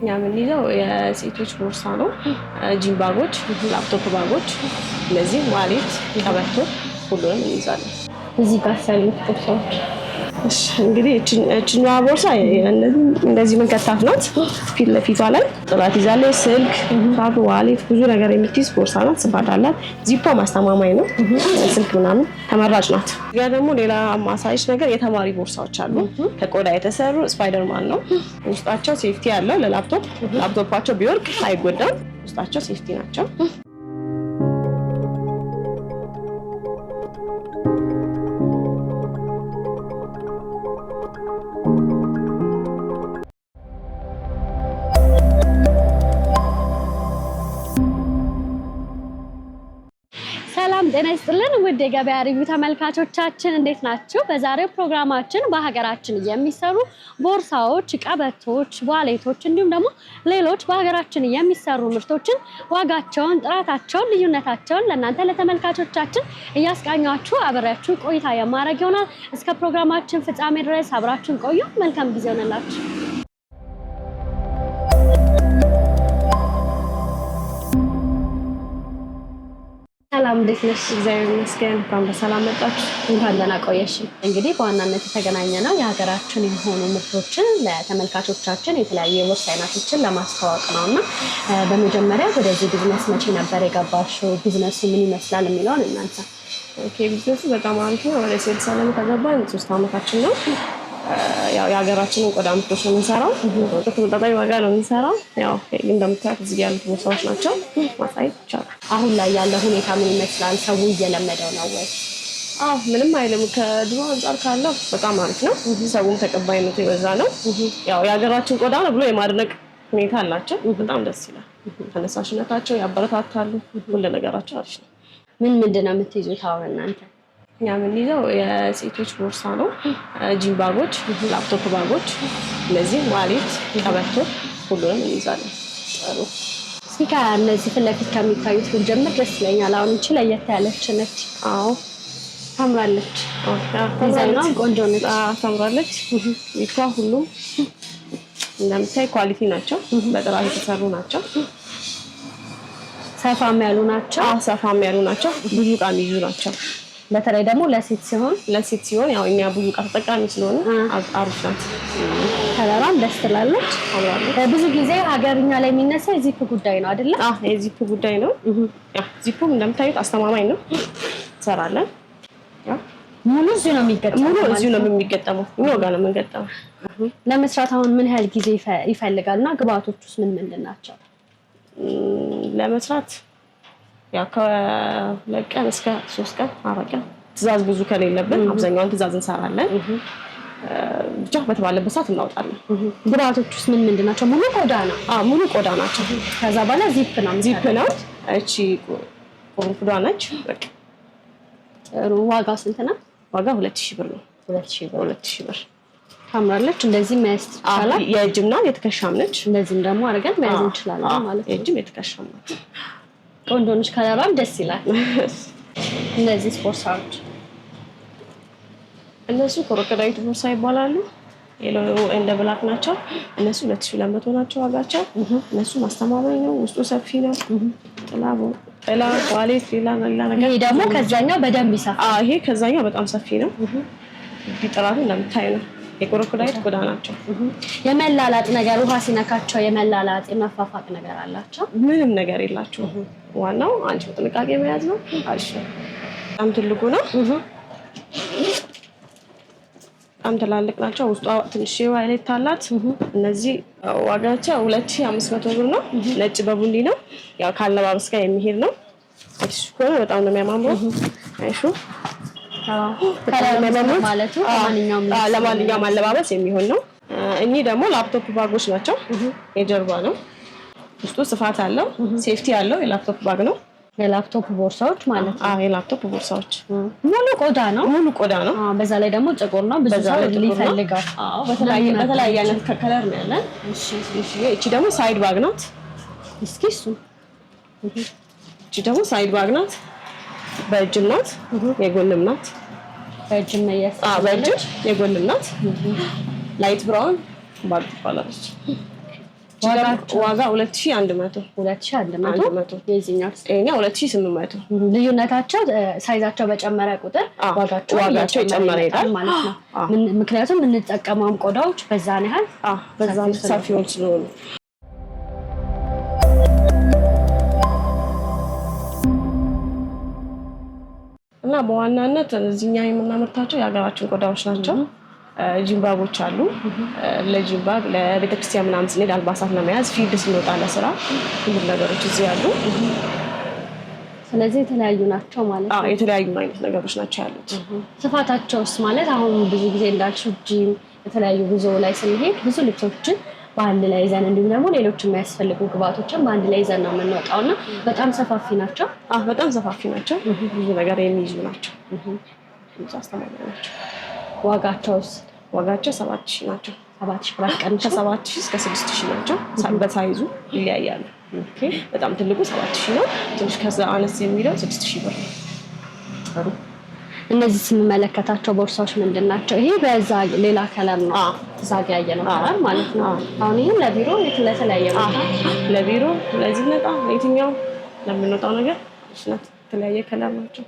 እኛ የምንይዘው የሴቶች ቦርሳ ነው። ጂም ባጎች፣ ላፕቶፕ ባጎች፣ እነዚህ ዋሌት፣ ቀበቶ ሁሉንም እንይዛለን። እዚህ ጋር ያሉት ቦርሳዎች እንግዲህ እችኛዋ ቦርሳ እንደዚህ ምንከታፍ ናት። ፊት ለፊቷ ላይ ጥላት ይዛለች። ስልክ፣ ካርድ፣ ዋሌት ብዙ ነገር የምትይዝ ቦርሳ ናት። ስፋት አላት። ዚፖ ማስተማማኝ ነው። ስልክ ምናምን ተመራጭ ናት። እዚያ ደግሞ ሌላ ማሳይሽ ነገር የተማሪ ቦርሳዎች አሉ። ከቆዳ የተሰሩ ስፓይደርማን ነው ውስጣቸው። ሴፍቲ አለው ለላፕቶፕ ላፕቶፓቸው ቢወርቅ አይጎዳም። ውስጣቸው ሴፍቲ ናቸው። ውድ የገበያ ሪቪው ተመልካቾቻችን እንዴት ናችሁ? በዛሬው ፕሮግራማችን በሀገራችን የሚሰሩ ቦርሳዎች፣ ቀበቶች፣ ዋሌቶች እንዲሁም ደግሞ ሌሎች በሀገራችን የሚሰሩ ምርቶችን ዋጋቸውን፣ ጥራታቸውን፣ ልዩነታቸውን ለእናንተ ለተመልካቾቻችን እያስቃኟችሁ አብሬያችሁ ቆይታ የማድረግ ይሆናል። እስከ ፕሮግራማችን ፍጻሜ ድረስ አብራችን ቆዩ። መልካም ጊዜ ሆነላችሁ። ሰላም እንዴት ነሽ? እግዚአብሔር ይመስገን። እንኳን በሰላም መጣች፣ እንኳን ደህና ቆየሽ። እንግዲህ በዋናነት የተገናኘ ነው የሀገራችን የሆኑ ምርቶችን ለተመልካቾቻችን የተለያዩ የቦርሳ አይነቶችን ለማስተዋወቅ ነው እና በመጀመሪያ ወደዚህ ቢዝነስ መቼ ነበር የገባሽው? ቢዝነሱ ምን ይመስላል የሚለውን እናንተ። ቢዝነሱ በጣም አሪፍ ነው። ወደ ሴልስ አለም ከገባን ሶስት አመታችን ነው ያው የሀገራችንን ቆዳ ምርቶች ነው የምንሰራው። በተመጣጣኝ ዋጋ ነው የምንሰራው። ያው እንደምታዩት እዚህ ያሉት ቦታዎች ናቸው። ማሳየት ይቻላል። አሁን ላይ ያለ ሁኔታ ምን ይመስላል? ሰው እየለመደው ነው ወይ? አዎ ምንም አይልም። ከድሮ አንጻር ካለው በጣም አሪፍ ነው። ሰውም ተቀባይነቱ የበዛ ነው። ያው የሀገራችን ቆዳ ነው ብሎ የማድነቅ ሁኔታ አላቸው። በጣም ደስ ይላል። ተነሳሽነታቸው ያበረታታሉ። ሁሉ ነገራቸው አሪፍ ነው። ምን ምንድን ነው የምትይዙት አሁን እናንተ? እኛ የምንይዘው የሴቶች ቦርሳ ነው። ጂም ባጎች፣ ላፕቶፕ ባጎች፣ እነዚህ ዋሌት፣ ቀበቶ ሁሉንም እንይዛለን። ጥሩ። እስኪ ከእነዚህ ፊት ለፊት ከሚታዩት ብንጀምር ደስ ይለኛል። አሁን እንቺ ለየት ያለች ነች። አዎ ታምራለች። ዲዛይኗ ቆንጆ ነች። ታምራለች። ይቷ ሁሉም እንደምታይ ኳሊቲ ናቸው። በጥራት የተሰሩ ናቸው። ሰፋም ያሉ ናቸው። ሰፋም ያሉ ናቸው። ብዙ ዕቃ የሚይዙ ናቸው። በተለይ ደግሞ ለሴት ሲሆን ለሴት ሲሆን ያው እኛ ብዙ ዕቃ ተጠቃሚ ስለሆነ አሪፍ ናት። ከለሯም ደስ ትላለች። ብዙ ጊዜ ሀገርኛ ላይ የሚነሳ የዚፕ ጉዳይ ነው አይደለ? የዚፕ ጉዳይ ነው። ዚፑም እንደምታዩት አስተማማኝ ነው። እንሰራለን። ሙሉ እዚሁ ነው የሚገጠመው። ሙሉ እዚሁ ነው የሚገጠመው። እኛው ጋር ነው የምንገጠመው። ለመስራት አሁን ምን ያህል ጊዜ ይፈልጋል እና ግብአቶች ውስጥ ምን ምንድን ናቸው ለመስራት? ያው ከሁለት ቀን እስከ ሶስት ቀን አራት ቀን ትእዛዝ ብዙ ከሌለብን አብዛኛውን ትእዛዝ እንሰራለን። ብቻ በተባለበት ሰዓት እናወጣለን። ግብአቶች ውስጥ ምን ምንድን ናቸው? ሙሉ ቆዳ ነው። ሙሉ ቆዳ ናቸው። ከዛ በኋላ ዚፕ ነው ዚፕ ነው። እቺ ቁርንፍዷ ነች። ዋጋው ስንት ነው? ዋጋ ሁለት ሺህ ብር ነው። ሁለት ሺህ ብር ታምራለች። እንደዚህ መያዝ ትችላል። የእጅምና የትከሻም ነች። እንደዚህም ደግሞ አድርገን መያዝ እንችላለን ማለት ነው። የእጅም የትከሻም ናቸው። ቆንጆንሽ ከለሯም ደስ ይላል። እነዚህ ቦርሳዎች እነሱ ኮሮኮዳዊት ቦርሳ ይባላሉ። የሎ እንደ ብላክ ናቸው። እነሱ ሁለት ሺህ ሁለት መቶ ናቸው ዋጋቸው። እነሱ ማስተማማኝ ነው። ውስጡ ሰፊ ነው። ጥላ ዋሌት፣ ሌላ ሌላ ነገር። ይሄ ደግሞ ከዛኛው በደንብ ይሰፋል። ይሄ ከዛኛው በጣም ሰፊ ነው። ጥራቱ እንደምታይ ነው። የኮረኮዳይል ቆዳ ናቸው። የመላላጥ ነገር ውሃ ሲነካቸው የመላላጥ የመፋፋቅ ነገር አላቸው። ምንም ነገር የላቸው ዋናው አንቺ በጥንቃቄ መያዝ ነው። በጣም ትልቁ ነው። በጣም ትላልቅ ናቸው። ውስጧ ትንሽ ዋይሌት አላት። እነዚህ ዋጋቸው ሁለት ሺህ አምስት መቶ ብር ነው። ነጭ በቡኒ ነው። ያው ካለባበስ ጋር የሚሄድ ነው። ከሆነ በጣም ነው የሚያማምረው። አይሹ ለማንኛውም አለባበስ የሚሆን ነው። እኚህ ደግሞ ላፕቶፕ ባጎች ናቸው። የጀርባ ነው። ውስጡ ስፋት አለው፣ ሴፍቲ አለው። የላፕቶፕ ባግ ነው። የላፕቶፕ ቦርሳዎች ማለት ነው። የላፕቶፕ ቦርሳዎች ሙሉ ቆዳ ነው። ሙሉ ቆዳ ነው። በዛ ላይ ደግሞ ጥቁር ነው። ብዙ ሰው ሊፈልጋል። በተለያየ አይነት ከለር ነው ያለን። እቺ ደግሞ ሳይድ ባግ ናት። እስኪ እሱ እቺ ደግሞ ሳይድ ባግ ናት። በእጅም ናት የጎንም ናት። በእጅም የጎንም ናት። ላይት ብራውን ባግ ትባላለች። ዋጋ ሁለት ሺህ አንድ መቶ ሁለት ሺህ አንድ መቶ የዚህኛው ሁለት ሺህ ስምንት መቶ ልዩነታቸው ሳይዛቸው በጨመረ ቁጥር ዋጋቸው የጨመረ ይሄዳል ማለት ነው። ምክንያቱም የምንጠቀመውም ቆዳዎች በዛን ያህል ሰፊዎች ስለሆኑ በዋናነት እዚኛ የምናመርታቸው የሀገራችን ቆዳዎች ናቸው። ጅንባቦች አሉ። ለጅንባብ ለቤተክርስቲያን ምናምን ስንሄድ አልባሳት ለመያዝ ፊልድ ስንወጣ ለስራ ሁሉም ነገሮች እዚህ ያሉ። ስለዚህ የተለያዩ ናቸው ማለት ነው። የተለያዩ አይነት ነገሮች ናቸው ያሉት። ስፋታቸውስ ማለት አሁን ብዙ ጊዜ እንዳልሽው ጂም የተለያዩ ጉዞ ላይ ስንሄድ ብዙ ልብሶችን በአንድ ላይ ይዘን እንዲሁም ደግሞ ሌሎች የሚያስፈልጉ ግብአቶችን በአንድ ላይ ይዘን ነው የምንወጣው እና በጣም ሰፋፊ ናቸው። በጣም ሰፋፊ ናቸው። ብዙ ነገር የሚይዙ ናቸው። አስተማሪ ናቸው። ዋጋቸውስ? ዋጋቸው ሰባት ሺህ ናቸው። ሰባት ሺህ ብር ቀን ከሰባት ሺህ እስከ ስድስት ሺህ ናቸው። በሳይዙ ይለያያሉ። በጣም ትልቁ ሰባት ሺህ ነው። ትንሽ ከዛ አነስ የሚለው ስድስት ሺህ ብር ጥሩ እነዚህ ስንመለከታቸው ቦርሳዎች ምንድን ናቸው? ይሄ በዛ ሌላ ከለር ነው፣ እዛ ጋ ነው ከለር ማለት ነው። አሁን ይህም ለቢሮ ለተለያየ ለቢሮ ለዚህ ነጣ ለየትኛው ለምንወጣው ነገር ሽነት የተለያየ ከለር ናቸው።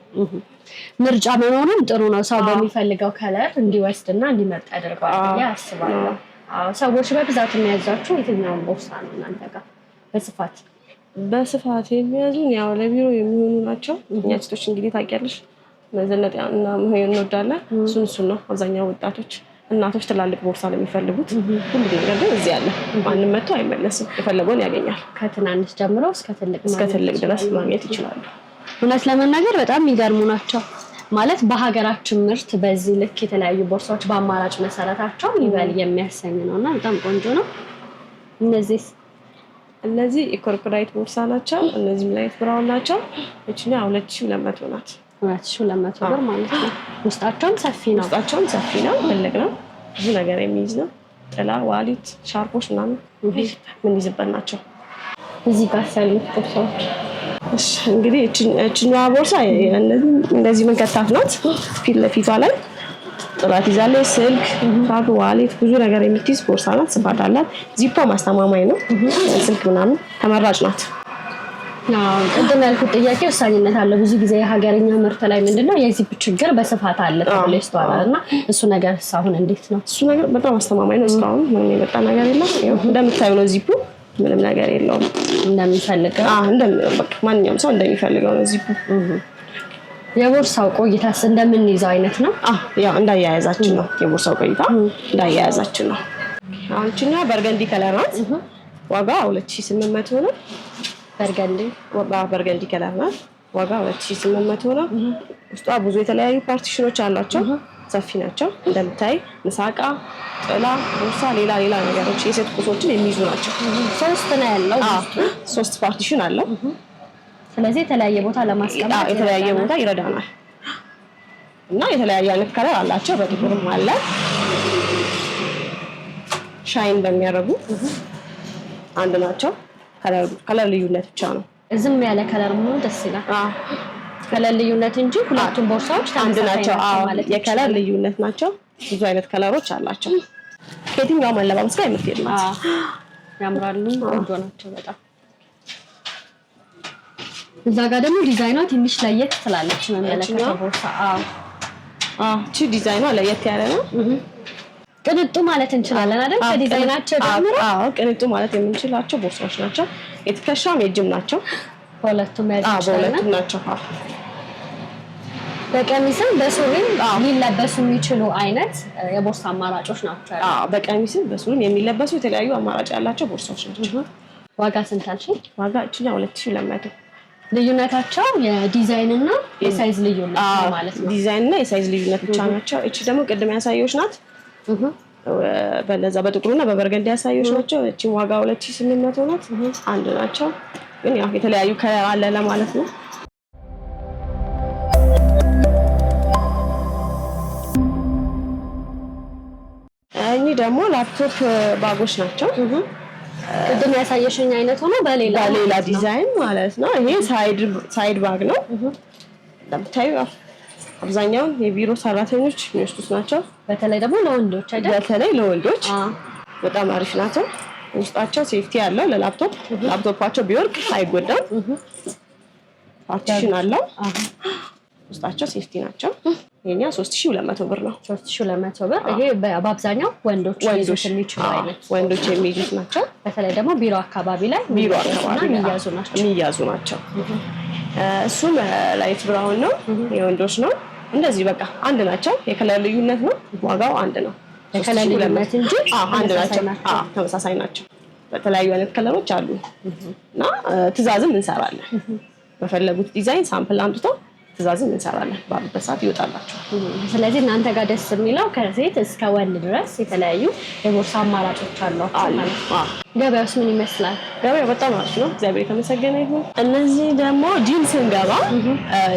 ምርጫ መኖሩም ጥሩ ነው። ሰው በሚፈልገው ከለር እንዲወስድ እንዲወስድና እንዲመርጥ ያደርገዋል ብዬ አስባለሁ። ሰዎች በብዛት የሚያዛችሁ የትኛውን ቦርሳ ነው እናንተ ጋር በስፋት በስፋት የሚያዙን ያው ለቢሮ የሚሆኑ ናቸው። እኛ ሴቶች እንግዲህ ታውቂያለሽ መዘነጥያና መሆን እንወዳለን። እሱን እሱን ነው አብዛኛው ወጣቶች እናቶች ትላልቅ ቦርሳ ነው የሚፈልጉት። ሁሉ ነገር ግን እዚህ አለ። ማንም መጥቶ አይመለስም። የፈለገውን ያገኛል። ከትናንሽ ጀምሮ እስከ ትልቅ ድረስ ማግኘት ይችላሉ። እውነት ለመናገር በጣም የሚገርሙ ናቸው። ማለት በሀገራችን ምርት በዚህ ልክ የተለያዩ ቦርሳዎች በአማራጭ መሰረታቸው ይበል የሚያሰኝ ነው እና በጣም ቆንጆ ነው። እነዚህ እነዚህ የኮርፖሬት ቦርሳ ናቸው። እነዚህም ላይት ብራውን ናቸው። ይችኛ ሁለት ሺህ ሁለት መቶ ናት። ሁለት ሺህ ሁለት መቶ ብር ማለት ነው። ውስጣቸውም ሰፊ ነው። ውስጣቸውም ሰፊ ነው። ትልቅ ነው። ብዙ ነገር የሚይዝ ነው። ጥላ፣ ዋሊት፣ ሻርፖች ምናምን ምን ይዝበት ናቸው። እዚህ ጋር ያሉት ቦርሳዎች እንግዲህ እችኛ ቦርሳ እንደዚህ መንከታፍ ናት። ፊት ለፊቷ ላይ ጥላት ይዛለች። ስልክ፣ ካርድ፣ ዋሌት ብዙ ነገር የምትይዝ ቦርሳ ናት። ስባድ አላት። ዚፖ ማስተማማኝ ነው። ስልክ ምናምን ተመራጭ ናት። ቅድም ያልኩት ጥያቄ ወሳኝነት አለ። ብዙ ጊዜ የሀገርኛ ምርት ላይ ምንድነው የዚህ ችግር በስፋት አለ ተብሎ ይስተዋላል እና እሱ ነገር እስካሁን እንዴት ነው? እሱ ነገር በጣም አስተማማኝ ነው። እስካሁን ምንም የመጣ ነገር የለም። እንደምታዩ ነው ዚፑ ምንም ነገር የለውም። እንደሚፈልገው ማንኛውም ሰው እንደሚፈልገው ነው ዚፑ። የቦርሳው ቆይታስ እንደምንይዘው አይነት ነው። ያው እንዳያያዛችን ነው። የቦርሳው ቆይታ እንዳያያዛችን ነው። አሁንችኛ በርገንዲ ከለር ናት። ዋጋ 2800 ነው። በርገንዲ በርገንዲ ከለር ናት። ዋጋ 2800 ነው። ውስጧ ብዙ የተለያዩ ፓርቲሽኖች አሏቸው፣ ሰፊ ናቸው። እንደምታይ ምሳቃ፣ ጥላ፣ ቦርሳ፣ ሌላ ሌላ ነገሮች የሴት ቁሶችን የሚይዙ ናቸው። ሶስት ነው ያለው፣ ሶስት ፓርቲሽን አለው። ስለዚህ የተለያየ ቦታ ለማስቀመጥ የተለያየ ቦታ ይረዳናል። እና የተለያየ አይነት ከለር አላቸው። በጥቁርም አለ ሻይን በሚያደርጉ አንድ ናቸው። ከለር ልዩነት ብቻ ነው። ዝም ያለ ከለር መሆኑ ደስ ይላል። ከለር ልዩነት እንጂ ሁለቱም ቦርሳዎች አንድ ናቸው። የከለር ልዩነት ናቸው። ብዙ አይነት ከለሮች አላቸው። ከየትኛው መለባበስ ጋር የምትሄድ ናት። ያምራሉ። ቆንጆ ናቸው በጣም። እዛ ጋር ደግሞ ዲዛይኗ ትንሽ ለየት ትላለች። መመለከተው ቦርሳ ቺ ዲዛይኗ ለየት ያለ ነው። ቅንጡ ማለት እንችላለን አይደል? ከዲዛይናቸው ጀምሮ ቅንጡ ማለት የምንችላቸው ቦርሳዎች ናቸው። የትከሻም የእጅም ናቸው። በሁለቱም ያዝ በሁለቱም ናቸው። በቀሚስም በሱሪም ሊለበሱ የሚችሉ አይነት የቦርሳ አማራጮች ናቸው። በቀሚስም በሱሪም የሚለበሱ የተለያዩ አማራጭ ያላቸው ቦርሳዎች ናቸው። ዋጋ ስንት አልሽኝ? ዋጋ እችኛ ሁለት ሺህ ለመቶ ልዩነታቸው የዲዛይን እና የሳይዝ ልዩነት ማለት ነው። ዲዛይን እና የሳይዝ ልዩነት ብቻ ናቸው። እቺ ደግሞ ቅድም ያሳየች ናት። በለዛ በጥቁሩና በበርገንዲ ያሳዮች ናቸው። እቺ ዋጋ ሁለት ሺህ ስምንት መቶ ናት። አንድ ናቸው ግን ያው የተለያዩ ከለር አለ ለማለት ነው። እኚህ ደግሞ ላፕቶፕ ባጎች ናቸው። ቅድም ያሳየሽኝ አይነት ሆኖ በሌላ በሌላ ዲዛይን ማለት ነው። ይሄ ሳይድ ባግ ነው እንደምታዩ አብዛኛውን የቢሮ ሰራተኞች የሚወስዱት ናቸው። በተለይ ደግሞ ለወንዶች አይደል? በተለይ ለወንዶች በጣም አሪፍ ናቸው። ውስጣቸው ሴፍቲ አለው ለላፕቶፕ ላፕቶፓቸው ቢወርቅ አይጎዳም። ፓርቲሽን አለው። ውስጣቸው ሴፍቲ ናቸው። የኛ 3200 ብር ነው። 3200 ብር ይሄ በአብዛኛው ወንዶች ወንዶች የሚችሉ አይነት ወንዶች የሚይዙት ናቸው። በተለይ ደግሞ ቢሮ አካባቢ ላይ ቢሮ አካባቢ የሚያዙ ናቸው የሚያዙ ናቸው። እሱም ላይት ብራውን ነው፣ የወንዶች ነው። እንደዚህ በቃ አንድ ናቸው። የከለር ልዩነት ነው። ዋጋው አንድ ነው። የከለር ልዩነት እንጂ አንድ ናቸው፣ ተመሳሳይ ናቸው። በተለያዩ አይነት ከለሮች አሉ እና ትዕዛዝም እንሰራለን። በፈለጉት ዲዛይን ሳምፕል አምጥተው ትእዛዝም እንሰራለን ባሉበት ሰዓት ይወጣላቸዋል። ስለዚህ እናንተ ጋር ደስ የሚለው ከሴት እስከ ወንድ ድረስ የተለያዩ የቦርሳ አማራጮች አለው። ገበያውስ ምን ይመስላል? ገበያው በጣም አሪፍ ነው፣ እግዚአብሔር የተመሰገነ ይሁን። እነዚህ ደግሞ ጂንስ ስንገባ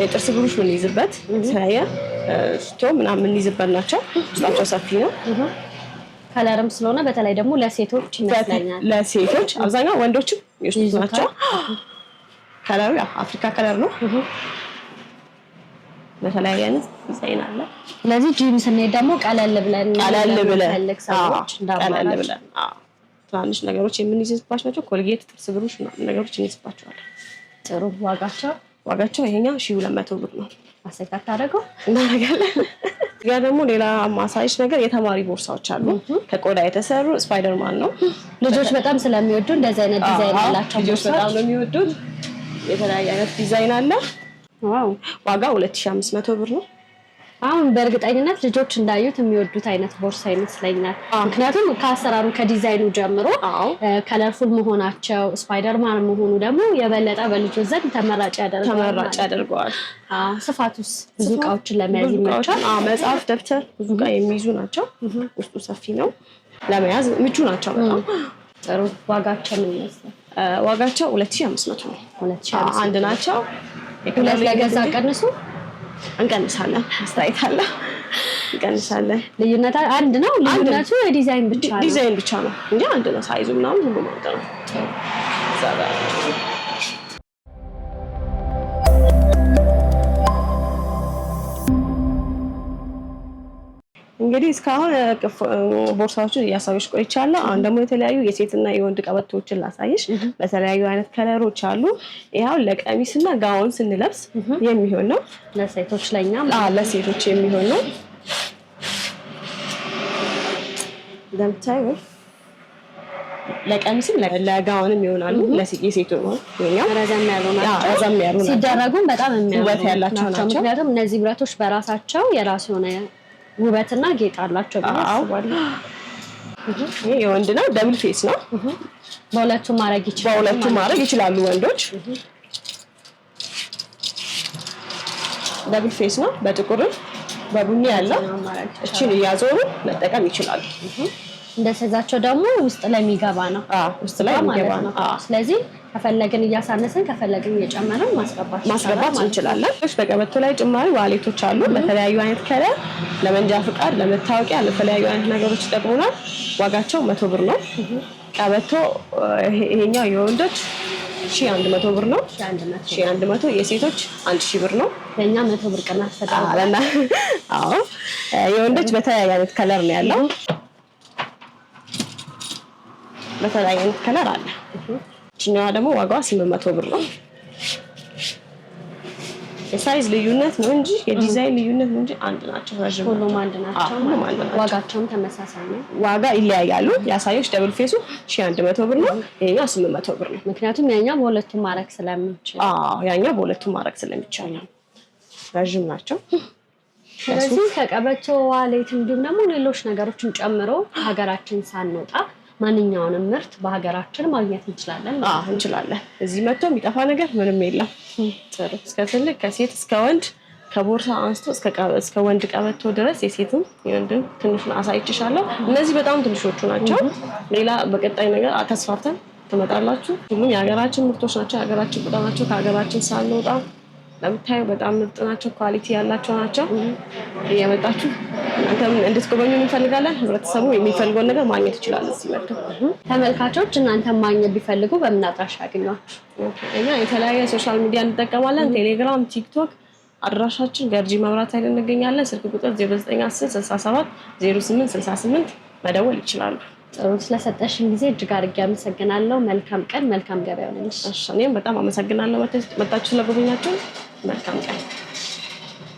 የጥርስ ብሩሽ ምንይዝበት ተለያየ ስቶ ምናምን ምንይዝበት ናቸው። ውስጣቸው ሰፊ ነው ከለርም ስለሆነ በተለይ ደግሞ ለሴቶች ይመስለኛል። ለሴቶች አብዛኛው ወንዶችም ናቸው። ከለሩ አፍሪካ ከለር ነው። በተለያየ አይነት ዲዛይን አለ። ስለዚህ ጂም ስንሄድ ደግሞ ቀለል ብለን ቀለል ብለን ቀለል ብለን ትናንሽ ነገሮች የምንይዝባቸው ናቸው። ኮልጌት፣ ጥርስ ብሩሽ ነገሮች እንይዝባቸዋለን። ጥሩ ዋጋቸው ዋጋቸው ይሄኛው ሺህ ሁለት መቶ ብር ነው። ማሰካት አደረገው እናደርጋለን። ጋር ደግሞ ሌላ ማሳይሽ ነገር የተማሪ ቦርሳዎች አሉ ከቆዳ የተሰሩ ስፓይደርማን ነው። ልጆች በጣም ስለሚወዱ እንደዚህ አይነት ዲዛይን አላቸው። ልጆች በጣም ነው የሚወዱት። የተለያየ አይነት ዲዛይን አለ። ዋው ዋጋ 2500 ብር ነው። አሁን በእርግጠኝነት ልጆች እንዳዩት የሚወዱት አይነት ቦርሳ ይመስለኛል። ምክንያቱም ከአሰራሩ ከዲዛይኑ ጀምሮ ከለርፉል መሆናቸው ስፓይደርማን መሆኑ ደግሞ የበለጠ በልጆች ዘንድ ተመራጭ ያደርገዋል። ስፋቱስ ብዙ እቃዎችን ለመያዝ ይመቻል። መጽሐፍ፣ ደብተር ብዙ እቃ የሚይዙ ናቸው። ውስጡ ሰፊ ነው። ለመያዝ ምቹ ናቸው በጣም ጥሩ። ዋጋቸው ምን ይመስላል? ዋጋቸው መቶ ነው። አንድ ናቸው ሁለት ገዛ ቀንሱ እንቀንሳለን። አስተያየት አለ እንቀንሳለን። ልዩነት አንድ ነው። ልዩነቱ የዲዛይን ብቻ ነው። ዲዛይን ብቻ ነው እንጂ አንድ ነው። ሳይዙ ምናምን ሁሉ አንድ ነው። እንግዲህ እስካሁን ቦርሳዎችን እያሳየሽ ቆይቻለሁ። አሁን ደግሞ የተለያዩ የሴትና የወንድ ቀበቶዎችን ላሳይሽ። በተለያዩ አይነት ከለሮች አሉ። ይኸው ለቀሚስና ጋውን ስንለብስ የሚሆን ነው። ለሴቶች ለኛ ለሴቶች የሚሆን ነው። እንደምታይ ለቀሚስም ለጋውንም ይሆናሉ። የሴቱ ረዘም ያሉ ናቸው። ሲደረጉም በጣም የሚያምሩ ናቸው። ምክንያቱም እነዚህ ብረቶች በራሳቸው የራሱ የሆነ ውበትና ጌጥ አላቸው ብዬ አስባለሁ። ይህ የወንድ ነው፣ ደብል ፌስ ነው። በሁለቱም ማድረግ ይችላሉ። በሁለቱም ማድረግ ይችላሉ ወንዶች። ደብል ፌስ ነው፣ በጥቁርም በቡኒ ያለው እችን እያዞሩ መጠቀም ይችላሉ። እንደሰዛቸው ደግሞ ውስጥ ላይ የሚገባ ነው። ውስጥ ላይ የሚገባ ነው። ስለዚህ ከፈለግን እያሳነስን ከፈለግን እየጨመርን ማስገባት ማስገባት እንችላለን። በቀበቶ ላይ ጭማሪ ዋሌቶች አሉ። በተለያዩ አይነት ከለር፣ ለመንጃ ፍቃድ፣ ለመታወቂያ፣ ለተለያዩ አይነት ነገሮች ይጠቅሙናል። ዋጋቸው መቶ ብር ነው። ቀበቶ ይሄኛው የወንዶች ሺ አንድ መቶ ብር ነው። ሺ አንድ መቶ የሴቶች አንድ ሺ ብር ነው። ለእኛ መቶ ብር ቀናት ፈጣለና የወንዶች በተለያዩ አይነት ከለር ነው ያለው በተለያየ አይነት ከለር አለ። ይችኛዋ ደግሞ ዋጋዋ ስምንት መቶ ብር ነው። የሳይዝ ልዩነት ነው እንጂ የዲዛይን ልዩነት ነው እንጂ አንድ ናቸው። ሁሉም አንድ ናቸው። ዋጋቸውም ተመሳሳይ ነው። ዋጋ ይለያያሉ። የአሳዮች ደብል ፌሱ ሺ አንድ መቶ ብር ነው። ይሄኛው ስምንት መቶ ብር ነው። ምክንያቱም ያኛው በሁለቱ ማድረግ ስለሚችል፣ ያኛው በሁለቱም ማድረግ ስለሚቻል ረዥም ናቸው። ስለዚህ ከቀበቸው ዋሌት እንዲሁም ደግሞ ሌሎች ነገሮችን ጨምሮ ሀገራችን ሳንወጣ ማንኛውንም ምርት በሀገራችን ማግኘት እንችላለን እንችላለን። እዚህ መጥቶ የሚጠፋ ነገር ምንም የለም። ጥሩ እስከ ትልቅ ከሴት እስከ ወንድ ከቦርሳ አንስቶ እስከ ወንድ ቀበቶ ድረስ የሴትም የወንድም ትንሹን አሳይችሻለሁ። እነዚህ በጣም ትንሾቹ ናቸው። ሌላ በቀጣይ ነገር ተስፋፍተን ትመጣላችሁ። ሁሉም የሀገራችን ምርቶች ናቸው። የሀገራችን ቁጣ ናቸው። ከሀገራችን ሳንወጣ ለምታዩ በጣም ምርጥ ናቸው፣ ኳሊቲ ያላቸው ናቸው። እየመጣችሁ እናንተም እንድትጎበኙ እንፈልጋለን። ህብረተሰቡ የሚፈልገውን ነገር ማግኘት ይችላል። ሲመጡ ተመልካቾች እናንተም ማግኘት ቢፈልጉ በምን አድራሻ ያገኟችሁ? እኛ የተለያየ ሶሻል ሚዲያ እንጠቀማለን፣ ቴሌግራም፣ ቲክቶክ አድራሻችን ገርጂ መብራት ኃይል እንገኛለን። ስልክ ቁጥር 0910 67 08 68 መደወል ይችላሉ። ጥሩ ስለሰጠሽን ጊዜ እጅግ አድርጌ አመሰግናለሁ። መልካም ቀን፣ መልካም ገበያ ሆነልሽ። እኔም በጣም አመሰግናለሁ መጣችሁ ስለጎበኛችሁን። That's coming.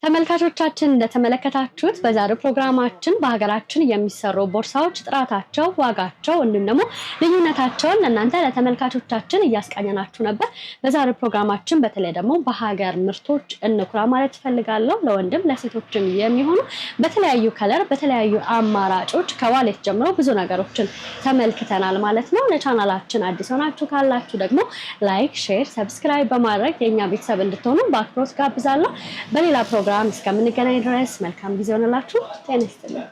ተመልካቾቻችን እንደተመለከታችሁት በዛሬው ፕሮግራማችን በሀገራችን የሚሰሩ ቦርሳዎች ጥራታቸው፣ ዋጋቸው እንዲሁም ደግሞ ልዩነታቸውን ለእናንተ ለተመልካቾቻችን እያስቃኘናችሁ ነበር። በዛሬው ፕሮግራማችን በተለይ ደግሞ በሀገር ምርቶች እንኩራ ማለት እፈልጋለሁ። ለወንድም ለሴቶችም የሚሆኑ በተለያዩ ከለር በተለያዩ አማራጮች ከዋሌት ጀምሮ ብዙ ነገሮችን ተመልክተናል ማለት ነው። ለቻናላችን አዲስ ሆናችሁ ካላችሁ ደግሞ ላይክ፣ ሼር፣ ሰብስክራይብ በማድረግ የእኛ ቤተሰብ እንድትሆኑ በአክብሮት ጋብዛለሁ። በሌላ ፕሮግራም ፕሮግራም እስከምንገናኝ ድረስ መልካም ጊዜ ሆነላችሁ። ጤና ይስጥልኝ።